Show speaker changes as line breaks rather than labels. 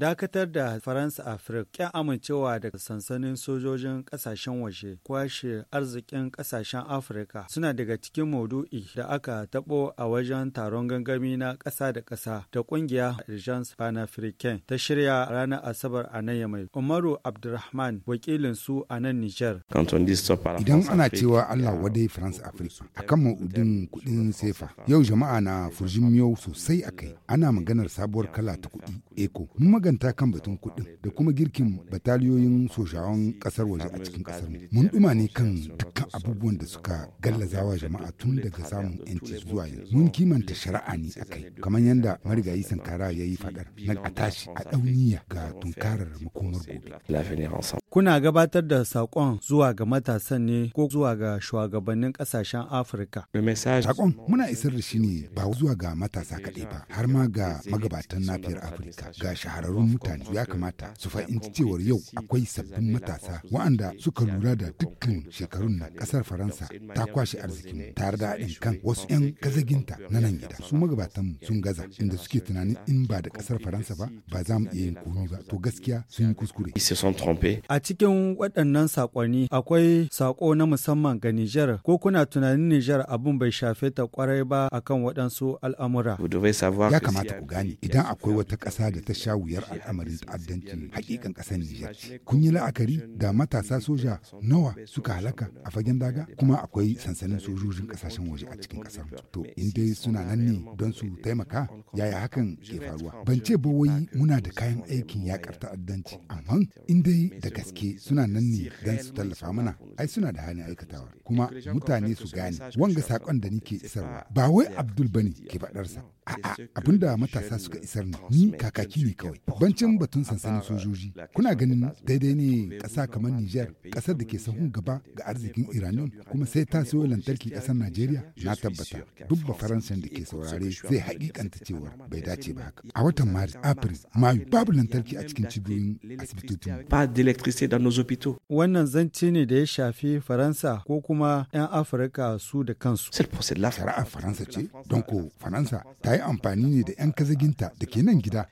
Dakatar da Faransa Afirka ƙin amincewa da sansanin sojojin ƙasashen waje kwashe arzikin ƙasashen Afirka suna daga cikin maudu'i da aka taɓo a wajen taron gangami na ƙasa da ƙasa da ƙungiya Agence pan ta shirya ranar Asabar a nan Yamai. Umaru Abdulrahman wakilin su a nan Nijar.
Idan ana cewa Allah wadai Faransa Afirka akan ma'udin kuɗin sefa yau jama'a na furjin miyau sosai akai ana maganar sabuwar kala ta kuɗi eko maganta kan batun kudin da kuma girkin bataliyoyin sojawan kasar waje a cikin kasar mu. Mun duma ne kan dukkan abubuwan da suka gallazawa jama'a tun daga samun 'yanci zuwa yanzu. Mun kimanta shari'a ne akai kamar yadda marigayi Sankara ya yi faɗar na a tashi a ɗauniya ga tunkarar makomar gobe.
Kuna gabatar da sakon zuwa ga matasan ne ko zuwa ga shugabannin ƙasashen Afirka. Saƙon
muna isar da shi ne ba zuwa ga matasa kaɗai ba har ma ga magabatan nafiyar Afirka ga shahararru tsararrun mutane ya kamata su fahimci cewar yau akwai sabbin matasa waɗanda suka lura da dukkan shekarun na ƙasar Faransa ta kwashe arzikin tare da haɗin kan wasu 'yan gazaginta na nan gida. Su magabatan sun gaza inda suke tunanin in ba da ƙasar Faransa ba ba za mu iya yin komi ba to gaskiya sun yi kuskure.
A cikin waɗannan saƙonni akwai saƙo na musamman ga Nijar ko kuna tunanin Nijar abin bai shafe ta kwarai ba akan
waɗansu al'amura. Ya kamata ku gane idan akwai wata ƙasa da ta sha wuyar fuskantar al'amarin ta'addanci hakikan ƙasar Nijar Kun yi la'akari da matasa soja nawa suka halaka a fagen daga kuma akwai sansanin sojojin ƙasashen waje a cikin ƙasar. To in dai suna nan ne don su taimaka yaya hakan ke faruwa. Ban ce ba wai muna da kayan aikin yakar ta'addanci amma in dai da gaske suna nan ne don su tallafa mana ai suna da hannun aikatawa kuma mutane su gane wanga sakon da nike isarwa ba wai Abdul bane ke faɗarsa a'a abinda matasa suka isar ni kakaki ne kawai Bancin batun sansanin sojoji, kuna ganin daidai ne ƙasa kamar Nijar, ƙasar da ke sahun gaba ga arzikin Iranian kuma sai ta siyo lantarki ƙasar Najeriya? Na tabbata, duk ba Faransan da ke saurare zai haƙiƙanta cewar bai dace ba haka. A watan Maris, April, Mayu, babu lantarki a cikin cibiyoyin asibitocin.
Wannan zance ne da ya shafi Faransa ko kuma 'yan Afirka su da kansu. Shari'ar Faransa ce, don ko Faransa ta yi amfani ne da 'yan kazaginta da ke nan gida.